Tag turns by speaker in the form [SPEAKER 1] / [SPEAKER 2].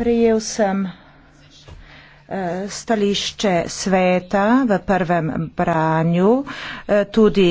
[SPEAKER 1] prejel sem eh, stališče sveta v prvem branju, eh, tudi